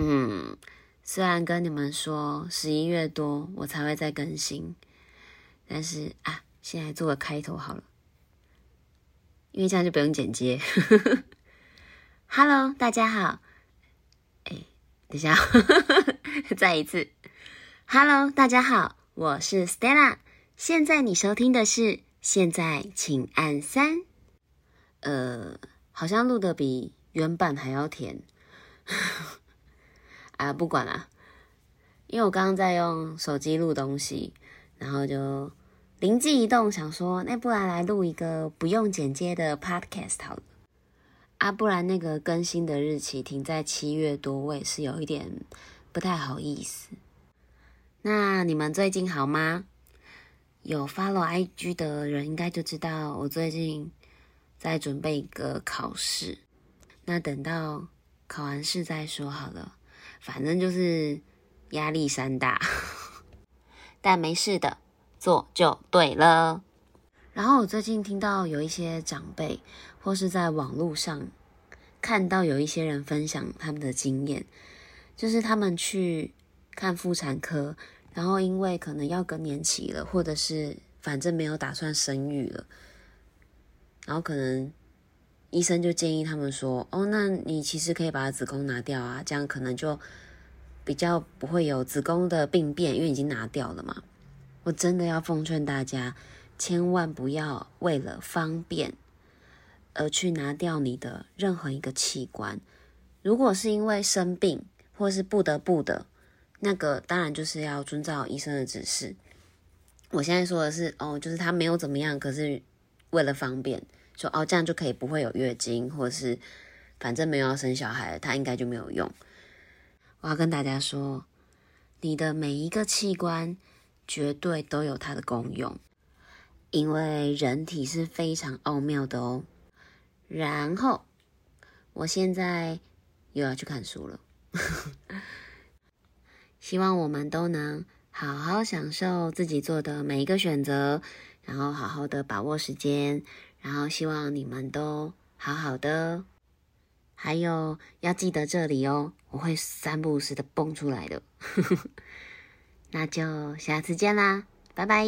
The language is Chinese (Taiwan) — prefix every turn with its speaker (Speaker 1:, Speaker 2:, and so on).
Speaker 1: 嗯，雖然跟你們說十一月多我才會再更新，但是啊，現在做個開頭好了，因為這樣就不用剪接。呵呵 Hello，大家好。哎，等一下，呵呵，再一次。Hello，大家好，我是 Stella。現在你收聽的是，現在請按三。呃，好像錄得比原版還要甜。啊，不管啦，啊，因為我剛剛在用手機錄東西，然後就靈機一動想說，那不然來錄一個不用剪接的 podcast 好了。啊，不然那個更新的日期停在七月多，我也是有一點不太好意思。那你們最近好嗎？有 follow IG 的人應該就知道我最近在準備一個考試，那等到考完試再說好了。反正就是壓力山大， 但沒事的，做就對了。然後我最近聽到有一些長輩，或是在網絡上看到有一些人分享他們的經驗，就是他們去看婦產科，然後因為可能要更年期了，或者是反正沒有打算生育了，然後可能。醫生就建議他們說：“哦，那你其實可以把子宮拿掉啊，這樣可能就比較不會有子宮的病變，因為已經拿掉了嘛。”我真的要奉勸大家，千萬不要為了方便而去拿掉你的任何一個器官。如果是因為生病或是不得不的，那個當然就是要遵照醫生的指示。我現在說的是哦，就是他沒有怎麼樣，可是為了方便。說哦，這樣就可以不會有月經，或是反正沒有要生小孩，它應該就沒有用。我要跟大家說，你的每一個器官絕對都有它的功用，因為人體是非常奧妙的哦。然後我現在又要去看書了， 希望我們都能好好享受自己做的每一個選擇，然後好好的把握時間。然後希望你們都好好的，還有要記得這裡哦，我會三不五時的蹦出來的，嘿嘿嘿，那就下次見啦，拜拜。